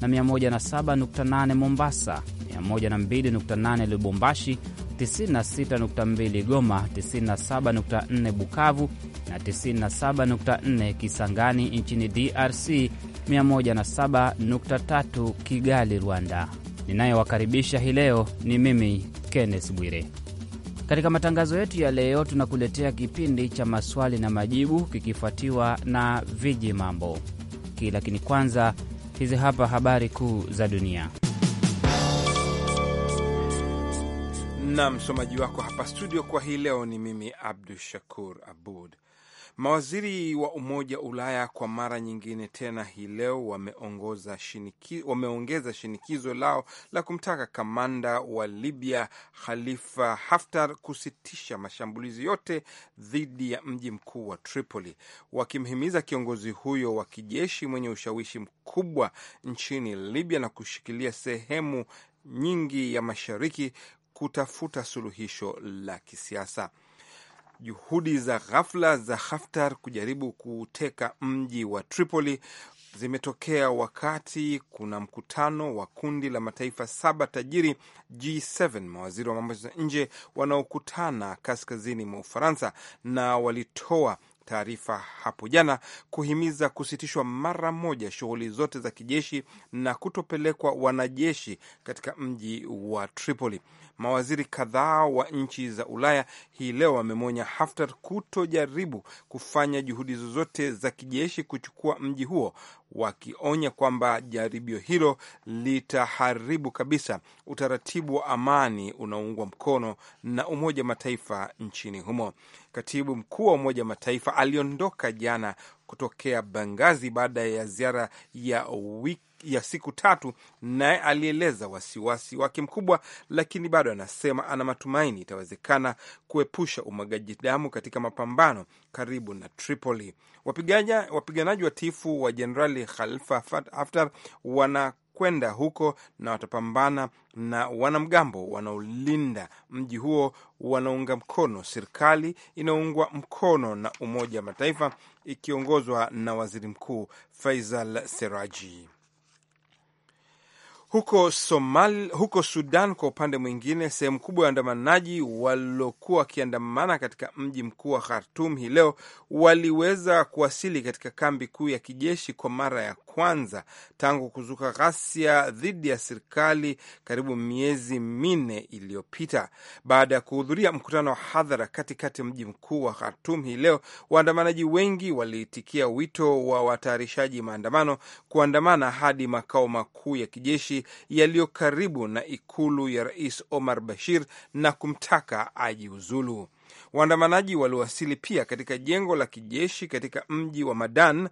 na 107.8 Mombasa, 102.8 Lubumbashi, 96.2 Goma, 97.4 Bukavu na 97.4 Kisangani nchini DRC, 107.3 Kigali, Rwanda. Ninayowakaribisha hii leo ni mimi Kenneth Bwire. Katika matangazo yetu ya leo tunakuletea kipindi cha maswali na majibu kikifuatiwa na viji mambo ki, lakini kwanza Hizi hapa habari kuu za dunia na msomaji wako hapa studio kwa hii leo ni mimi Abdu Shakur Abud. Mawaziri wa Umoja wa Ulaya kwa mara nyingine tena hii leo wameongeza shinikizo, shinikizo lao la kumtaka kamanda wa Libya Khalifa Haftar kusitisha mashambulizi yote dhidi ya mji mkuu wa Tripoli, wakimhimiza kiongozi huyo wa kijeshi mwenye ushawishi mkubwa nchini Libya na kushikilia sehemu nyingi ya mashariki kutafuta suluhisho la kisiasa. Juhudi za ghafla za Haftar kujaribu kuteka mji wa Tripoli zimetokea wakati kuna mkutano wa kundi la mataifa saba tajiri G7, mawaziri wa mambo ya nje wanaokutana kaskazini mwa Ufaransa, na walitoa taarifa hapo jana kuhimiza kusitishwa mara moja shughuli zote za kijeshi na kutopelekwa wanajeshi katika mji wa Tripoli. Mawaziri kadhaa wa nchi za Ulaya hii leo wamemwonya Haftar kutojaribu kufanya juhudi zozote za kijeshi kuchukua mji huo, wakionya kwamba jaribio hilo litaharibu kabisa utaratibu wa amani unaoungwa mkono na Umoja wa Mataifa nchini humo. Katibu mkuu wa Umoja wa Mataifa aliondoka jana kutokea Bangazi baada ya ziara ya wiki ya siku tatu, naye alieleza wasiwasi wake mkubwa, lakini bado anasema ana matumaini itawezekana kuepusha umwagaji damu katika mapambano karibu na Tripoli. Wapiganaji watifu wa Jenerali Khalifa Haftar wana kwenda huko na watapambana na wanamgambo wanaolinda mji huo wanaunga mkono serikali inayoungwa mkono na Umoja wa Mataifa ikiongozwa na Waziri Mkuu Faisal Seraji. Huko, Somali, huko Sudan kwa upande mwingine, sehemu kubwa ya waandamanaji waliokuwa wakiandamana katika mji mkuu wa Khartum hii leo waliweza kuwasili katika kambi kuu ya kijeshi kwa mara ya kwanza tangu kuzuka ghasia dhidi ya serikali karibu miezi minne iliyopita, baada ya kuhudhuria mkutano wa hadhara katikati ya mji mkuu wa Khartum hii leo. Waandamanaji wengi waliitikia wito wa watayarishaji maandamano kuandamana hadi makao makuu ya kijeshi yaliyo karibu na ikulu ya rais Omar Bashir na kumtaka ajiuzulu. Waandamanaji waliwasili pia katika jengo la kijeshi katika mji wa Madan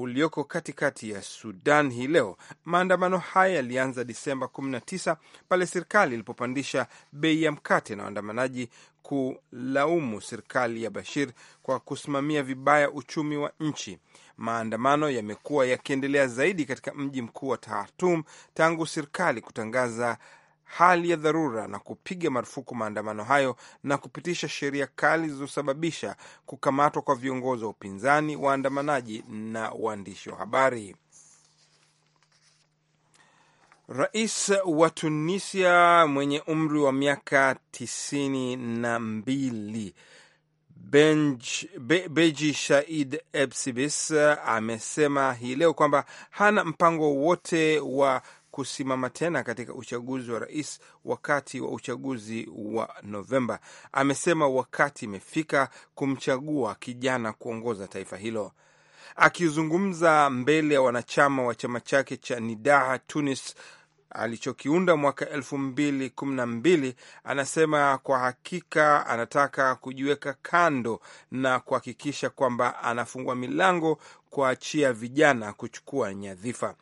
ulioko katikati ya Sudan hii leo. Maandamano haya yalianza Disemba 19 pale serikali ilipopandisha bei ya mkate na waandamanaji kulaumu serikali ya Bashir kwa kusimamia vibaya uchumi wa nchi. Maandamano yamekuwa yakiendelea zaidi katika mji mkuu wa Khartoum tangu serikali kutangaza hali ya dharura na kupiga marufuku maandamano hayo na kupitisha sheria kali zilizosababisha kukamatwa kwa viongozi wa upinzani, waandamanaji na waandishi wa habari. Rais wa Tunisia mwenye umri wa miaka tisini na mbili Benj, Be, Beji Said Ebsibis amesema hii leo kwamba hana mpango wowote wa kusimama tena katika uchaguzi wa rais wakati wa uchaguzi wa Novemba. Amesema wakati imefika kumchagua kijana kuongoza taifa hilo. Akizungumza mbele ya wanachama wa chama chake cha Nidaa Tunis alichokiunda mwaka elfu mbili kumi na mbili anasema kwa hakika anataka kujiweka kando na kuhakikisha kwamba anafungua milango kuachia vijana kuchukua nyadhifa.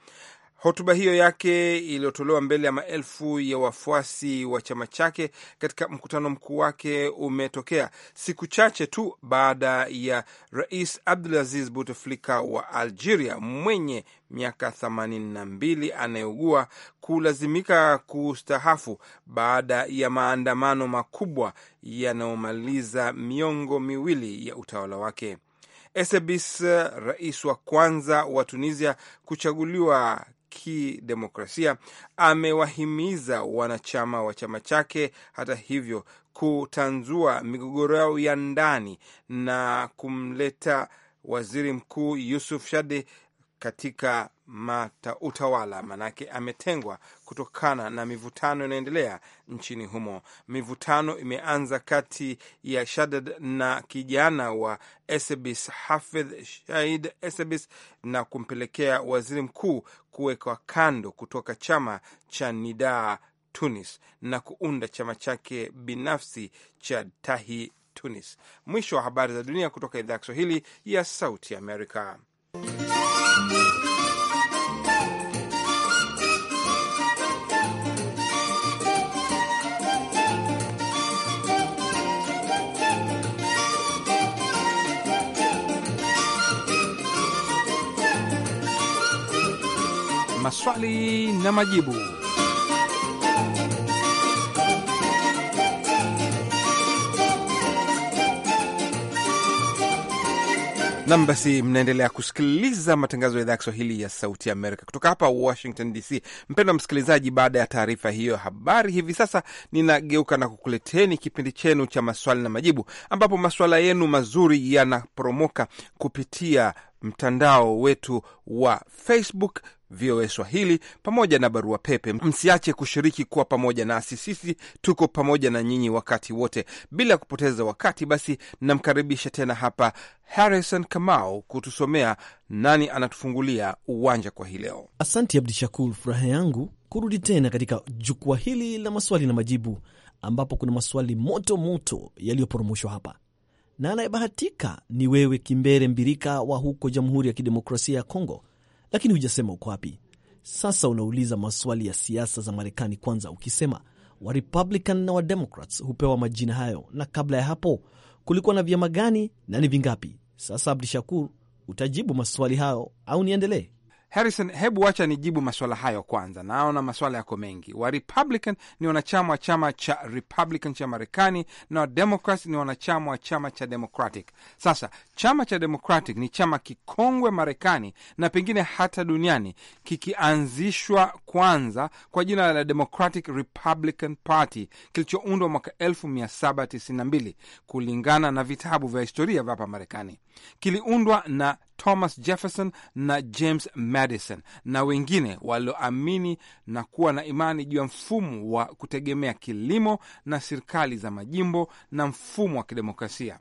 Hotuba hiyo yake iliyotolewa mbele ya maelfu ya wafuasi wa chama chake katika mkutano mkuu wake umetokea siku chache tu baada ya Rais Abdulaziz Bouteflika wa Algeria mwenye miaka 82 anayeugua kulazimika kustahafu baada ya maandamano makubwa yanayomaliza miongo miwili ya utawala wake. Essebsi, rais wa kwanza wa Tunisia kuchaguliwa kidemokrasia amewahimiza wanachama wa chama chake, hata hivyo, kutanzua migogoro yao ya ndani na kumleta waziri mkuu Yusuf Shade katika mata utawala manake ametengwa kutokana na mivutano inaendelea nchini humo. Mivutano imeanza kati ya Shadad na kijana wa Esebis Hafidh Shaid Esebis na kumpelekea waziri mkuu kuwekwa kando kutoka chama cha Nidaa Tunis na kuunda chama chake binafsi cha Tahi Tunis. Mwisho wa habari za dunia kutoka idhaa ya Kiswahili ya Sauti Amerika. maswali na majibu. Nam, basi mnaendelea kusikiliza matangazo ya idhaa ya Kiswahili ya Sauti Amerika kutoka hapa Washington DC. Mpendwa msikilizaji, baada ya taarifa hiyo habari, hivi sasa ninageuka na kukuleteni kipindi chenu cha maswali na majibu, ambapo maswala yenu mazuri yanaporomoka kupitia mtandao wetu wa Facebook VOA Swahili pamoja na barua pepe. Msiache kushiriki kuwa pamoja nasi, sisi tuko pamoja na nyinyi wakati wote. Bila kupoteza wakati, basi namkaribisha tena hapa Harrison Kamau kutusomea nani anatufungulia uwanja kwa hii leo. Asante Abdi Shakur, furaha yangu kurudi tena katika jukwaa hili la maswali na majibu, ambapo kuna maswali moto moto yaliyoporomoshwa hapa na anayebahatika ni wewe Kimbere Mbirika wa huko Jamhuri ya Kidemokrasia ya Kongo lakini hujasema uko wapi. Sasa unauliza maswali ya siasa za Marekani kwanza, ukisema Warepublican na Wademocrats hupewa majina hayo, na kabla ya hapo kulikuwa na vyama gani na ni vingapi? Sasa abdu Shakur, utajibu maswali hayo au niendelee? Harrison, hebu wacha nijibu maswala hayo kwanza, naona maswala yako mengi. Wa Republican ni wanachama wa chama cha Republican cha Marekani na wa ni wanachama wa chama cha Democratic. Sasa chama cha Democratic ni chama kikongwe Marekani na pengine hata duniani, kikianzishwa kwanza kwa jina la Democratic Republican Party kilichoundwa mwaka 1792 kulingana na vitabu vya historia vya hapa Marekani. Kiliundwa na Thomas Jefferson na James Madison na wengine walioamini na kuwa na imani juu ya mfumo wa kutegemea kilimo na serikali za majimbo na mfumo wa kidemokrasia.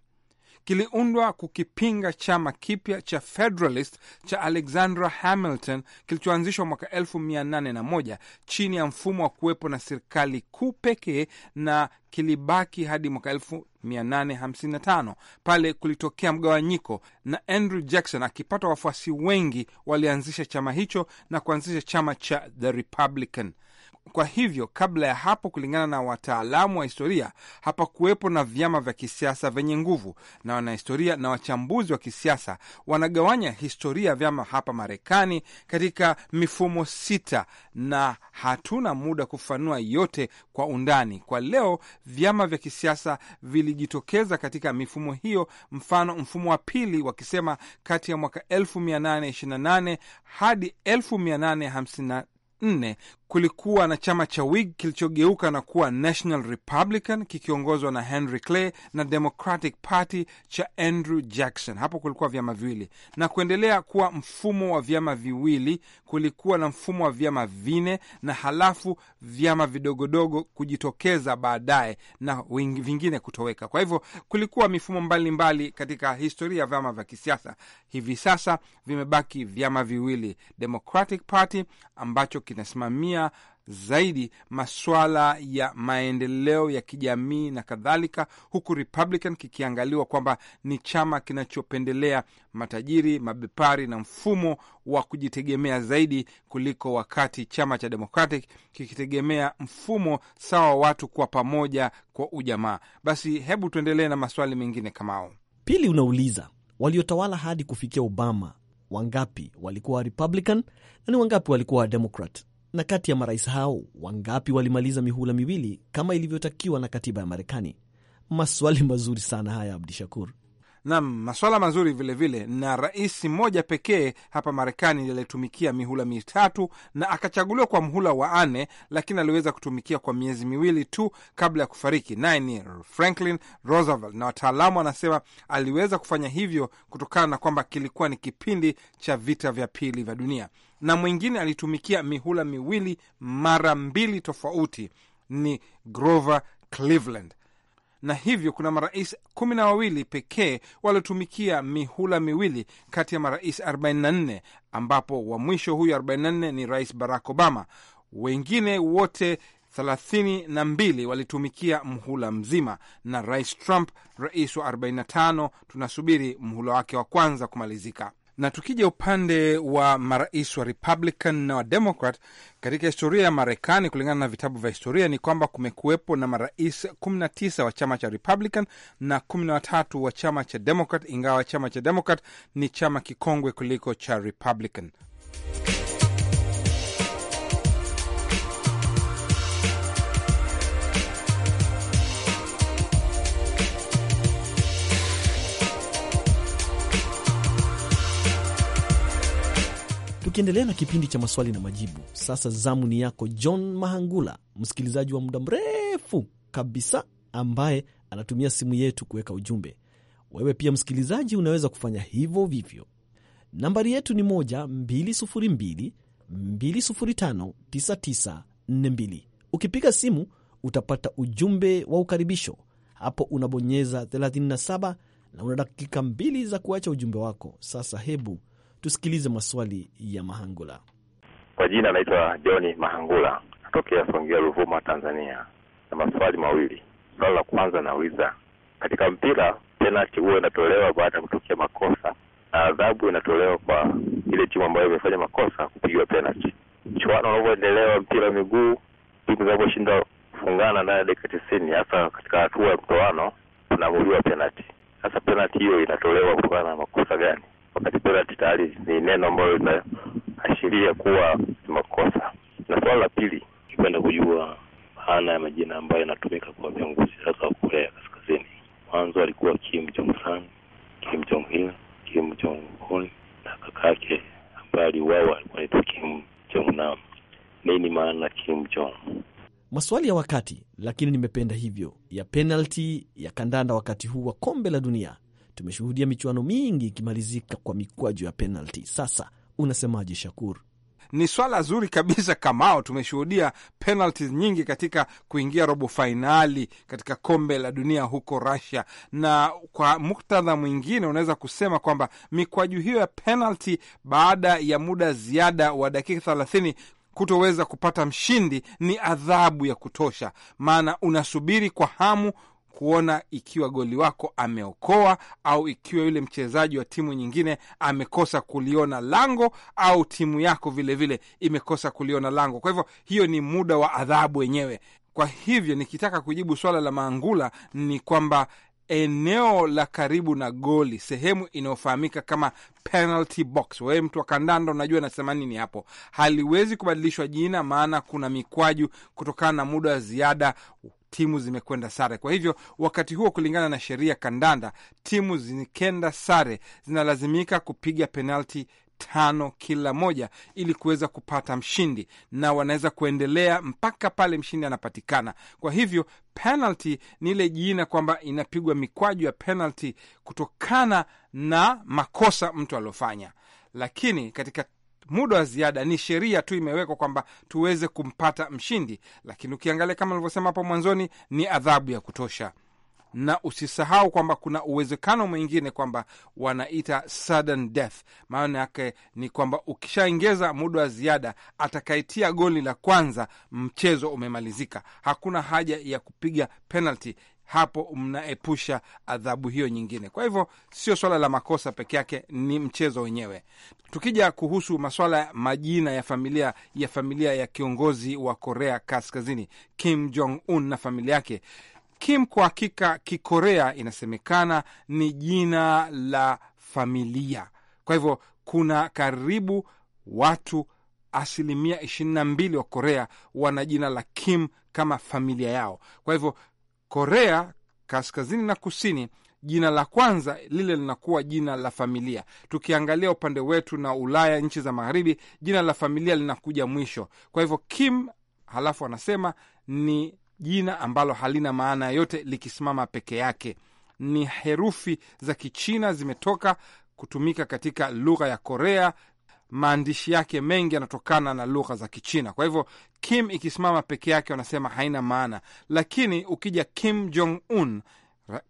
Kiliundwa kukipinga chama kipya cha Federalist cha alexandra Hamilton kilichoanzishwa mwaka 1801 chini ya mfumo wa kuwepo na serikali kuu pekee na kilibaki hadi mwaka 855 pale kulitokea mgawanyiko, na Andrew Jackson akipata wafuasi wengi walianzisha chama hicho na kuanzisha chama cha The Republican. Kwa hivyo kabla ya hapo, kulingana na wataalamu wa historia, hapakuwepo na vyama vya kisiasa vyenye nguvu, na wanahistoria na wachambuzi wa kisiasa wanagawanya historia ya vyama hapa Marekani katika mifumo sita, na hatuna muda kufanua yote kwa undani kwa leo. Vyama vya kisiasa vilijitokeza katika mifumo hiyo, mfano mfumo wa pili wakisema kati ya mwaka 1828 hadi 1854 kulikuwa na chama cha Whig kilichogeuka na kuwa National Republican kikiongozwa na Henry Clay na Democratic Party cha Andrew Jackson. Hapo kulikuwa vyama viwili na kuendelea kuwa mfumo wa vyama viwili. Kulikuwa na mfumo wa vyama vine na halafu vyama vidogodogo kujitokeza baadaye na vingine kutoweka. Kwa hivyo kulikuwa mifumo mbalimbali mbali katika historia ya vyama vya kisiasa. Hivi sasa vimebaki vyama viwili, Democratic Party ambacho kinasimamia kusimamia zaidi masuala ya maendeleo ya kijamii na kadhalika, huku Republican kikiangaliwa kwamba ni chama kinachopendelea matajiri, mabepari na mfumo wa kujitegemea zaidi kuliko wakati chama cha Democratic kikitegemea mfumo sawa wa watu kwa pamoja kwa ujamaa. Basi hebu tuendelee na maswali mengine kamao. Pili unauliza waliotawala hadi kufikia Obama wangapi walikuwa Republican na ni wangapi walikuwa Democrat? na kati ya marais hao wangapi walimaliza mihula miwili kama ilivyotakiwa na katiba ya Marekani? Maswali mazuri sana haya, Abdishakur. Nam, maswala mazuri vilevile vile. Na rais mmoja pekee hapa Marekani aliyetumikia mihula mitatu na akachaguliwa kwa mhula wa nne, lakini aliweza kutumikia kwa miezi miwili tu kabla ya kufariki, naye ni Franklin Roosevelt. Na wataalamu wanasema aliweza kufanya hivyo kutokana na kwamba kilikuwa ni kipindi cha vita vya pili vya dunia na mwingine alitumikia mihula miwili mara mbili tofauti ni Grover Cleveland, na hivyo kuna marais kumi na wawili pekee waliotumikia mihula miwili kati ya marais 44 ambapo wa mwisho huyu 44 ni Rais Barack Obama. Wengine wote 32 na mbili walitumikia mhula mzima, na Rais Trump, rais wa 45, tunasubiri mhula wake wa kwanza kumalizika. Na tukija upande wa marais wa Republican na wa Democrat katika historia ya Marekani, kulingana na vitabu vya historia ni kwamba kumekuwepo na marais 19 wa chama cha Republican na 13 wa chama cha Democrat, ingawa chama cha Democrat ni chama kikongwe kuliko cha Republican. Tukiendelea na kipindi cha maswali na majibu, sasa zamu ni yako John Mahangula, msikilizaji wa muda mrefu kabisa ambaye anatumia simu yetu kuweka ujumbe. Wewe pia msikilizaji, unaweza kufanya hivyo vivyo. Nambari yetu ni moja mbili sufuri mbili mbili sufuri tano tisa tisa nne mbili. Ukipiga simu utapata ujumbe wa ukaribisho hapo, unabonyeza 37 na una dakika mbili za kuacha ujumbe wako. Sasa hebu Tusikilize maswali ya Mahangula. Kwa jina anaitwa Johni Mahangula, natokea Songea, Ruvuma, Tanzania, na maswali mawili. Swali la kwanza nauliza, katika mpira penalti huwa inatolewa baada ya kutokea makosa na adhabu inatolewa kwa ile timu ambayo imefanya makosa kupigiwa penalti. Mchuano unavyoendelewa mpira wa miguu, timu zinavyoshinda kufungana ndani ya dakika tisini, hasa katika hatua ya mtoano, kunaamuliwa penalti. Sasa penalti hiyo inatolewa kutokana na makosa gani? wakati Dorati tayari ni neno ambalo linaashiria kuwa makosa. Na suala la pili, ukipenda kujua maana ya majina ambayo yanatumika kwa viongozi sasa wa Korea Kaskazini, mwanzo alikuwa Kim Jong Sang, Kim Jong Il, Kim Jong Un na kaka yake ambaye aliuawa alikuwa anaitwa Kim Jong Nam. Nini maana Kim Jong? Maswali ya wakati, lakini nimependa hivyo ya penalti ya kandanda wakati huu wa kombe la dunia Tumeshuhudia michuano mingi ikimalizika kwa mikwaju ya penalti. Sasa unasemaje, Shakur? Ni swala zuri kabisa Kamao. Tumeshuhudia penalti nyingi katika kuingia robo fainali katika kombe la dunia huko Russia, na kwa muktadha mwingine unaweza kusema kwamba mikwaju hiyo ya penalti baada ya muda ziada wa dakika thelathini kutoweza kupata mshindi ni adhabu ya kutosha, maana unasubiri kwa hamu kuona ikiwa goli wako ameokoa au ikiwa yule mchezaji wa timu nyingine amekosa kuliona lango au timu yako vilevile vile imekosa kuliona lango. Kwa hivyo hiyo ni muda wa adhabu wenyewe. Kwa hivyo nikitaka kujibu swala la Maangula ni kwamba eneo la karibu na goli, sehemu inayofahamika kama penalty box. Wewe mtu wa kandanda unajua nasema nini hapo. Haliwezi kubadilishwa jina, maana kuna mikwaju kutokana na muda wa ziada timu zimekwenda sare. Kwa hivyo wakati huo, kulingana na sheria kandanda, timu zikenda sare zinalazimika kupiga penalti tano kila moja ili kuweza kupata mshindi, na wanaweza kuendelea mpaka pale mshindi anapatikana. Kwa hivyo penalty ni ile jina kwamba inapigwa mikwaju ya penalty kutokana na makosa mtu aliofanya, lakini katika muda wa ziada ni sheria tu imewekwa kwamba tuweze kumpata mshindi, lakini ukiangalia kama alivyosema hapo mwanzoni, ni adhabu ya kutosha na usisahau kwamba kuna uwezekano mwingine kwamba wanaita sudden death. Maana yake ni kwamba ukishaongeza muda wa ziada, atakaitia goli la kwanza, mchezo umemalizika. Hakuna haja ya kupiga penalty hapo mnaepusha adhabu hiyo nyingine. Kwa hivyo sio swala la makosa peke yake, ni mchezo wenyewe. Tukija kuhusu maswala ya majina ya familia ya familia ya kiongozi wa Korea Kaskazini Kim Jong Un na familia yake, Kim kwa hakika Kikorea inasemekana ni jina la familia. Kwa hivyo kuna karibu watu asilimia ishirini na mbili wa Korea wana jina la Kim kama familia yao. Kwa hivyo Korea kaskazini na kusini jina la kwanza lile linakuwa jina la familia. Tukiangalia upande wetu na Ulaya, nchi za magharibi, jina la familia linakuja mwisho. Kwa hivyo Kim, halafu anasema ni jina ambalo halina maana yote likisimama peke yake. Ni herufi za Kichina zimetoka kutumika katika lugha ya Korea. Maandishi yake mengi yanatokana na lugha za Kichina. Kwa hivyo Kim ikisimama peke yake, wanasema haina maana, lakini ukija Kim Jong Un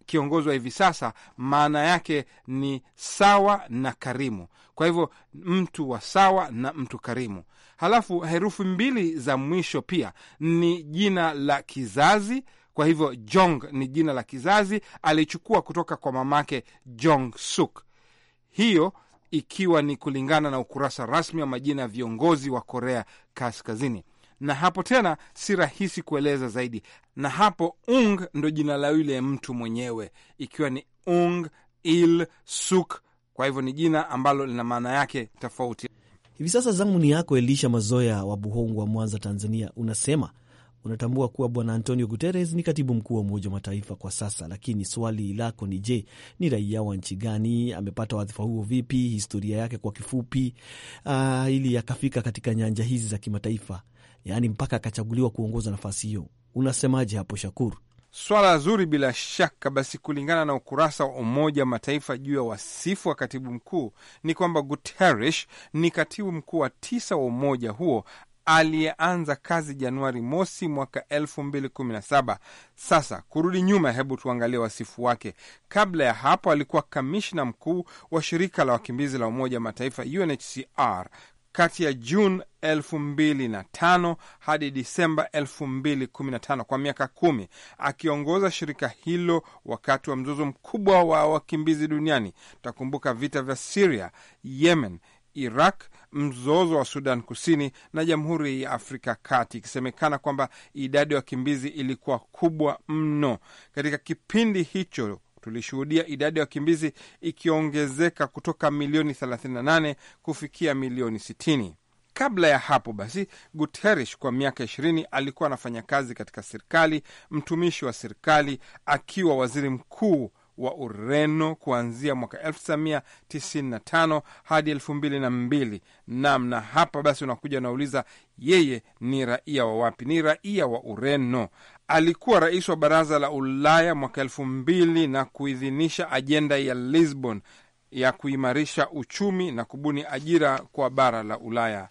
kiongozwa hivi sasa, maana yake ni sawa na karimu. Kwa hivyo mtu wa sawa na mtu karimu. Halafu herufi mbili za mwisho pia ni jina la kizazi. Kwa hivyo Jong ni jina la kizazi, alichukua kutoka kwa mamake Jong Suk. Hiyo ikiwa ni kulingana na ukurasa rasmi wa majina ya viongozi wa Korea Kaskazini na hapo tena si rahisi kueleza zaidi. Na hapo Ung ndo jina la yule mtu mwenyewe, ikiwa ni Ung il Suk. Kwa hivyo ni jina ambalo lina maana yake tofauti. Hivi sasa zamu ni yako Elisha Mazoya wa Buhongo wa Mwanza, Tanzania. Unasema unatambua kuwa Bwana Antonio Guterres ni katibu mkuu wa Umoja wa Mataifa kwa sasa, lakini swali lako ni je, ni raia wa nchi gani? Amepata wadhifa huo vipi? Historia yake kwa kifupi, uh, ili akafika katika nyanja hizi za kimataifa yaani mpaka akachaguliwa kuongoza nafasi hiyo. Unasemaje hapo Shakur? Swala zuri bila shaka. Basi, kulingana na ukurasa wa Umoja wa Mataifa juu ya wasifu wa katibu mkuu ni kwamba Guterres ni katibu mkuu wa tisa wa umoja huo aliyeanza kazi Januari mosi mwaka saba. Sasa kurudi nyuma, hebu tuangalie wasifu wake. Kabla ya hapo, alikuwa kamishna mkuu wa shirika la wakimbizi la Umoja wa Mataifa, UNHCR, kati ya Juni 25 hadi Disemba 215 kwa miaka kumi, akiongoza shirika hilo wakati wa mzozo mkubwa wa wakimbizi duniani. Takumbuka vita vya Siria, Yemen, Iraq, mzozo wa Sudan Kusini na Jamhuri ya Afrika Kati, ikisemekana kwamba idadi ya wakimbizi ilikuwa kubwa mno katika kipindi hicho tulishuhudia idadi ya wakimbizi ikiongezeka kutoka milioni 38 kufikia milioni 60. Kabla ya hapo basi, Guterres kwa miaka ishirini alikuwa anafanya kazi katika serikali, mtumishi wa serikali, akiwa waziri mkuu wa Ureno kuanzia mwaka 1995 hadi 2002. Naam, na hapa basi unakuja unauliza, yeye ni raia wa wapi? Ni raia wa Ureno. Alikuwa rais wa baraza la Ulaya mwaka 2 na kuidhinisha ajenda ya Lisbon ya kuimarisha uchumi na kubuni ajira kwa bara la Ulaya.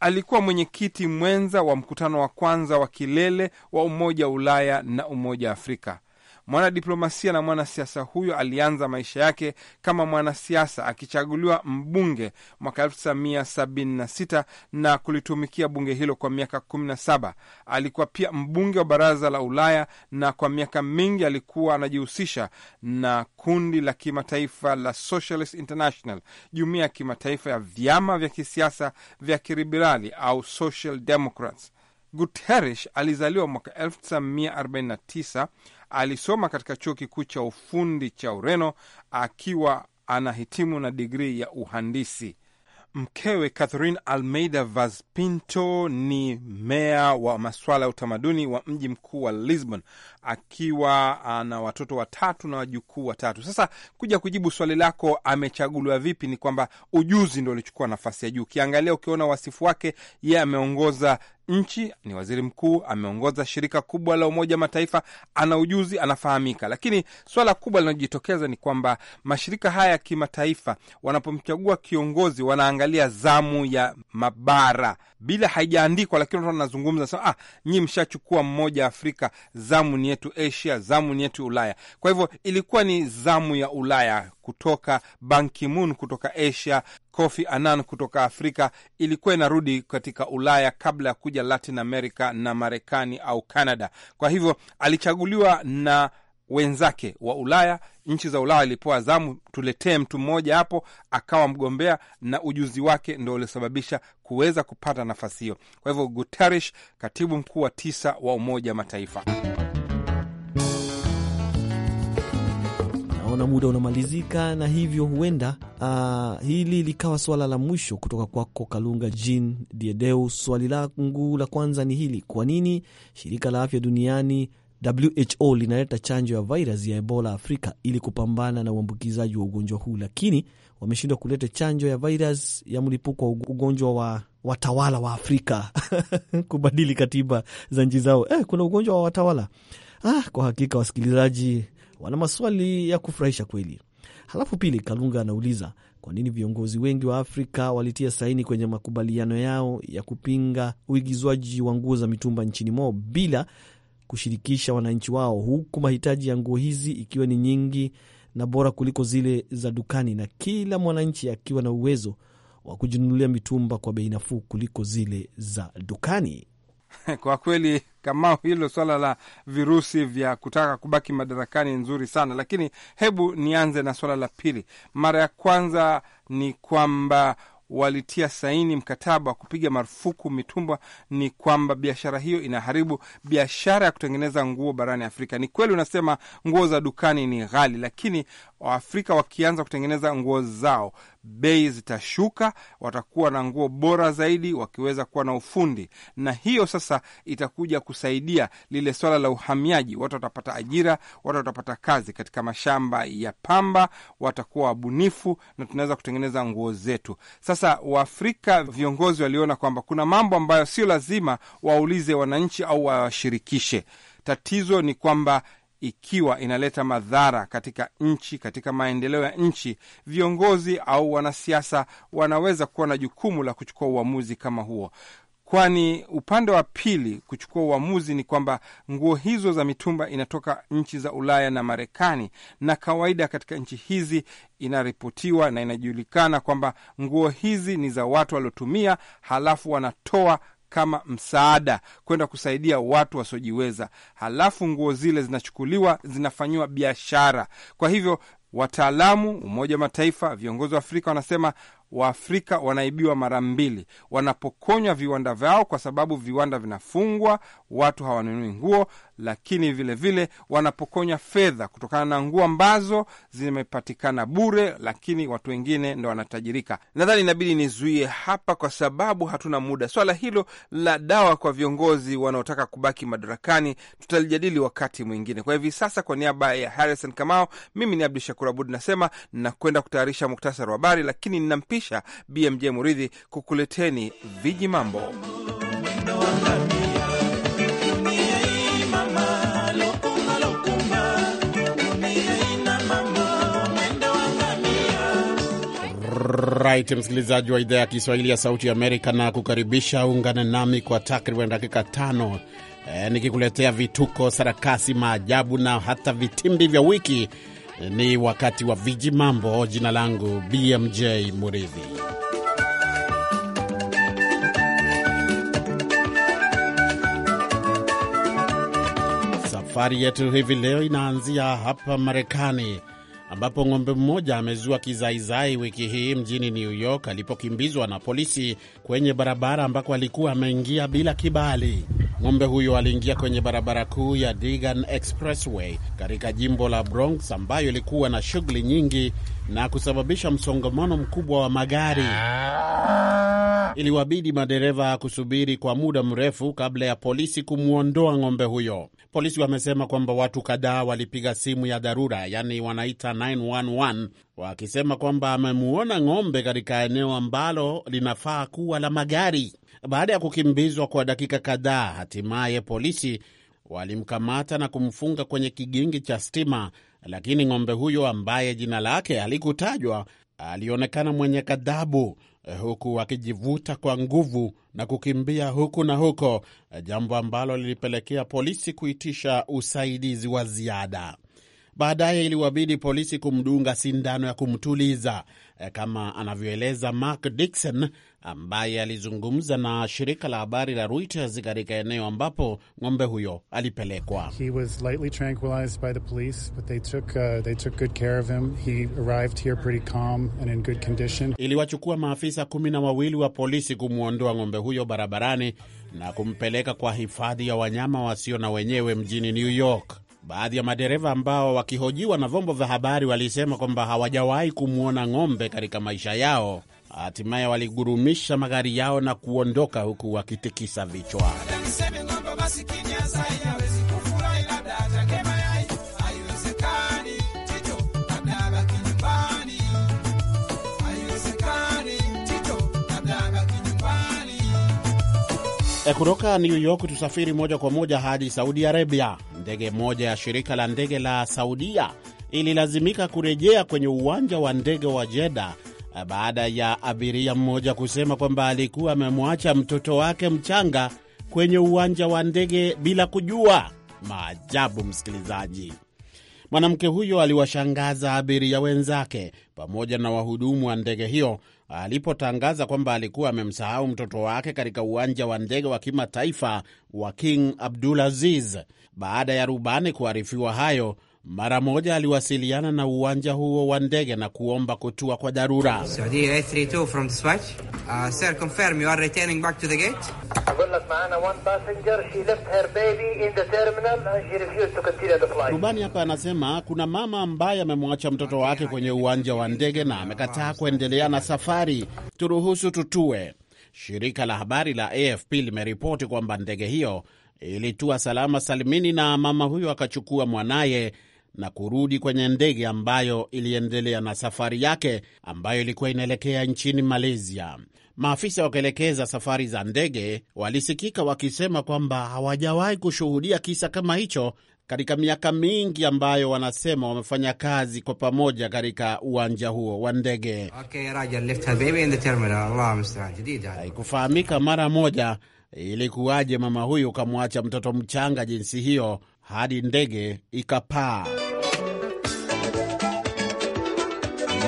Alikuwa mwenyekiti mwenza wa mkutano wa kwanza wa kilele wa Umoja wa Ulaya na Umoja wa Afrika. Mwanadiplomasia na mwanasiasa huyo alianza maisha yake kama mwanasiasa akichaguliwa mbunge mwaka 1976 na kulitumikia bunge hilo kwa miaka 17. Alikuwa pia mbunge wa baraza la Ulaya na kwa miaka mingi alikuwa anajihusisha na kundi la kimataifa la Socialist International, jumuiya ya kimataifa ya vyama vya kisiasa vya kiliberali au Social Democrats. Guterres alizaliwa mwaka 1949. Alisoma katika chuo kikuu cha ufundi cha Ureno akiwa anahitimu na digrii ya uhandisi. Mkewe Catherine Almeida Vaz Pinto ni meya wa masuala ya utamaduni wa mji mkuu wa Lisbon, akiwa ana watoto watatu na wajukuu watatu. Sasa kuja kujibu swali lako, amechaguliwa vipi, ni kwamba ujuzi ndo ulichukua nafasi ya juu. Ukiangalia ukiona wasifu wake, yeye ameongoza nchi, ni waziri mkuu, ameongoza shirika kubwa la Umoja Mataifa, ana ujuzi, anafahamika. Lakini swala kubwa linalojitokeza ni kwamba mashirika haya ya kimataifa wanapomchagua kiongozi, wanaangalia zamu ya mabara bila haijaandikwa, lakini watu wanazungumza sema, ah, nyi mshachukua mmoja Afrika, zamu ni yetu Asia, zamu ni yetu Ulaya. Kwa hivyo ilikuwa ni zamu ya Ulaya kutoka Ban Ki-moon kutoka Asia, Kofi Annan kutoka Afrika, ilikuwa inarudi katika Ulaya kabla ya kuja Latin America na Marekani au Canada. Kwa hivyo alichaguliwa na wenzake wa Ulaya, nchi za Ulaya ilipewa zamu, tuletee mtu mmoja hapo, akawa mgombea na ujuzi wake ndo uliosababisha kuweza kupata nafasi hiyo. Kwa hivyo, Guterres, katibu mkuu wa tisa wa Umoja Mataifa. Naona muda unamalizika na hivyo huenda uh, hili likawa swala la mwisho kutoka kwako Kalunga Jean Diedeu. Swali langu la kwanza ni hili: kwa nini shirika la afya duniani WHO linaleta chanjo ya virus ya Ebola Afrika ili kupambana na uambukizaji wa ugonjwa huu, lakini wameshindwa kuleta chanjo ya virus ya mlipuko wa ugonjwa wa watawala wa Afrika kubadili katiba za nchi zao. Eh, kuna ugonjwa wa watawala. Ah, kwa hakika wasikilizaji wana maswali ya kufurahisha kweli. Halafu pili, Kalunga anauliza kwa nini viongozi wengi wa Afrika walitia saini kwenye makubaliano yao ya kupinga uigizwaji wa nguo za mitumba nchini mwao bila kushirikisha wananchi wao, huku mahitaji ya nguo hizi ikiwa ni nyingi na bora kuliko zile za dukani, na kila mwananchi akiwa na uwezo wa kujinunulia mitumba kwa bei nafuu kuliko zile za dukani. Kwa kweli Kamao, hilo swala la virusi vya kutaka kubaki madarakani nzuri sana, lakini hebu nianze na swala la pili. Mara ya kwanza ni kwamba walitia saini mkataba wa kupiga marufuku mitumba ni kwamba biashara hiyo inaharibu biashara ya kutengeneza nguo barani Afrika. Ni kweli unasema nguo za dukani ni ghali, lakini Waafrika wakianza kutengeneza nguo zao bei zitashuka, watakuwa na nguo bora zaidi, wakiweza kuwa na ufundi, na hiyo sasa itakuja kusaidia lile swala la uhamiaji. Watu watapata ajira, watu watapata kazi katika mashamba ya pamba, watakuwa wabunifu na tunaweza kutengeneza nguo zetu. Sasa Waafrika viongozi waliona kwamba kuna mambo ambayo sio lazima waulize wananchi au wawashirikishe. Tatizo ni kwamba ikiwa inaleta madhara katika nchi, katika maendeleo ya nchi, viongozi au wanasiasa wanaweza kuwa na jukumu la kuchukua uamuzi kama huo. Kwani upande wa pili kuchukua uamuzi ni kwamba nguo hizo za mitumba inatoka nchi za Ulaya na Marekani, na kawaida katika nchi hizi inaripotiwa na inajulikana kwamba nguo hizi ni za watu waliotumia, halafu wanatoa kama msaada kwenda kusaidia watu wasiojiweza. Halafu nguo zile zinachukuliwa zinafanyiwa biashara. Kwa hivyo wataalamu Umoja wa Mataifa, viongozi wa Afrika wanasema Waafrika wanaibiwa mara mbili, wanapokonywa viwanda vyao kwa sababu viwanda vinafungwa, watu hawanunui nguo, lakini vilevile vile, wanapokonywa fedha kutokana na nguo ambazo zimepatikana bure, lakini watu wengine ndo wanatajirika. Nadhani inabidi nizuie hapa kwa sababu hatuna muda. Swala hilo la dawa kwa viongozi wanaotaka kubaki madarakani tutalijadili wakati mwingine. Kwa hivi sasa, kwa niaba ya Harrison Kamao, mimi ni Abdu Shakur Abud nasema nakwenda kutayarisha muktasari wa habari, lakini nina nampisha BMJ Muridhi kukuleteni viji mambo. Right, msikilizaji wa idhaa ya Kiswahili ya Sauti ya Amerika, na kukaribisha ungane nami kwa takriban dakika tano e, nikikuletea vituko, sarakasi, maajabu na hata vitimbi vya wiki ni wakati wa viji mambo. Jina langu BMJ Muridhi. Safari yetu hivi leo inaanzia hapa Marekani ambapo ng'ombe mmoja amezua kizaizai wiki hii mjini New York alipokimbizwa na polisi kwenye barabara ambako alikuwa ameingia bila kibali. Ng'ombe huyo aliingia kwenye barabara kuu ya Digan Expressway katika jimbo la Bronx ambayo ilikuwa na shughuli nyingi na kusababisha msongamano mkubwa wa magari. Ah. Iliwabidi madereva kusubiri kwa muda mrefu kabla ya polisi kumwondoa ng'ombe huyo. Polisi wamesema kwamba watu kadhaa walipiga simu ya dharura, yaani wanaita 911 wakisema kwamba amemuona ng'ombe katika eneo ambalo linafaa kuwa la magari. Baada ya kukimbizwa kwa dakika kadhaa, hatimaye polisi walimkamata na kumfunga kwenye kigingi cha stima, lakini ng'ombe huyo ambaye jina lake halikutajwa alionekana mwenye kadhabu huku akijivuta kwa nguvu na kukimbia huku na huko, jambo ambalo lilipelekea polisi kuitisha usaidizi wa ziada. Baadaye iliwabidi polisi kumdunga sindano ya kumtuliza. Eh, kama anavyoeleza Mark Dixon ambaye alizungumza na shirika la habari la Reuters katika eneo ambapo ng'ombe huyo alipelekwa. Uh, Iliwachukua maafisa kumi na wawili wa polisi kumwondoa ng'ombe huyo barabarani na kumpeleka kwa hifadhi ya wanyama wasio na wenyewe mjini New York. Baadhi ya madereva ambao wakihojiwa na vyombo vya habari walisema kwamba hawajawahi kumwona ng'ombe katika maisha yao. Hatimaye waligurumisha magari yao na kuondoka huku wakitikisa vichwa. Eh, kutoka New York tusafiri moja kwa moja hadi Saudi Arabia. Ndege moja ya shirika la ndege la Saudia ililazimika kurejea kwenye uwanja wa ndege wa Jeddah eh, baada ya abiria mmoja kusema kwamba alikuwa amemwacha mtoto wake mchanga kwenye uwanja wa ndege bila kujua. Maajabu, msikilizaji. Mwanamke huyo aliwashangaza abiria wenzake pamoja na wahudumu wa ndege hiyo alipotangaza kwamba alikuwa amemsahau mtoto wake katika uwanja wa ndege wa kimataifa wa King Abdulaziz. Baada ya rubani kuarifiwa hayo, mara moja aliwasiliana na uwanja huo wa ndege na kuomba kutua kwa dharura. Uh, uh, Rubani hapa anasema kuna mama ambaye amemwacha mtoto wake kwenye uwanja wa ndege na amekataa kuendelea na safari, turuhusu tutue. Shirika la habari la AFP limeripoti kwamba ndege hiyo ilitua salama salimini na mama huyo akachukua mwanaye na kurudi kwenye ndege ambayo iliendelea na safari yake ambayo ilikuwa inaelekea nchini Malaysia. Maafisa wakielekeza safari za ndege walisikika wakisema kwamba hawajawahi kushuhudia kisa kama hicho katika miaka mingi ambayo wanasema wamefanya kazi kwa pamoja katika uwanja huo wa ndege. Haikufahamika mara moja ilikuwaje mama huyu kamwacha mtoto mchanga jinsi hiyo hadi ndege ikapaa.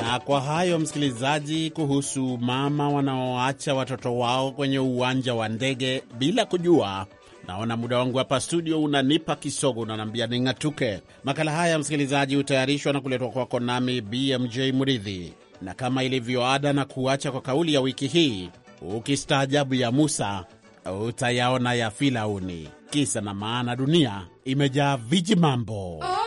Na kwa hayo, msikilizaji, kuhusu mama wanaoacha watoto wao kwenye uwanja wa ndege bila kujua Naona muda wangu hapa studio unanipa kisogo, unanaambia ning'atuke. Makala haya msikilizaji, hutayarishwa na kuletwa kwako nami BMJ mridhi na kama ilivyoada na kuacha kwa kauli ya wiki hii, ukistaajabu ya Musa utayaona ya filauni Kisa na maana, dunia imejaa viji mambo oh.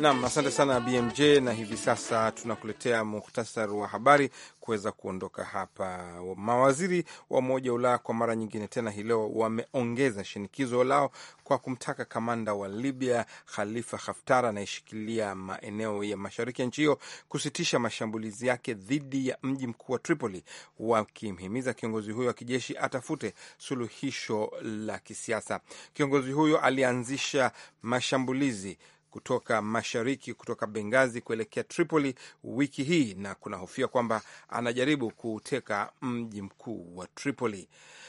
Nam, asante sana BMJ. Na hivi sasa tunakuletea muhtasari wa habari kuweza kuondoka hapa. Mawaziri wa Umoja wa Ulaya kwa mara nyingine tena hii leo wameongeza shinikizo lao kwa kumtaka kamanda wa Libya Khalifa Haftar anayeshikilia maeneo ya mashariki ya nchi hiyo kusitisha mashambulizi yake dhidi ya mji mkuu wa Tripoli, wakimhimiza kiongozi huyo wa kijeshi atafute suluhisho la kisiasa. Kiongozi huyo alianzisha mashambulizi kutoka mashariki kutoka Bengazi kuelekea Tripoli wiki hii, na kunahofia kwamba anajaribu kuuteka mji mkuu wa Tripoli.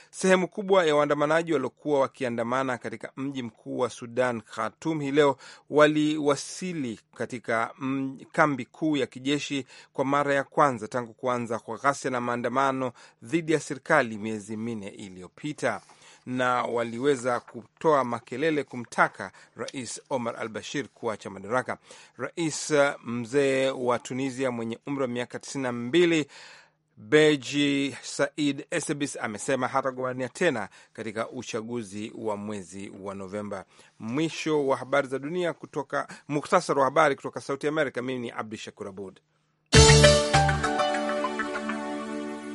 Sehemu kubwa ya waandamanaji waliokuwa wakiandamana katika mji mkuu wa Sudan, khatum hii leo waliwasili katika kambi kuu ya kijeshi kwa mara ya kwanza tangu kuanza kwa ghasia na maandamano dhidi ya serikali miezi minne iliyopita na waliweza kutoa makelele kumtaka Rais Omar al Bashir kuacha madaraka. Rais uh, mzee wa Tunisia mwenye umri wa miaka tisini na mbili Beji Said Esebis amesema hatagombania tena katika uchaguzi wa mwezi wa Novemba. Mwisho wa habari za dunia kutoka muktasari wa habari kutoka Sauti Amerika. Mimi ni Abdu Shakur Abud.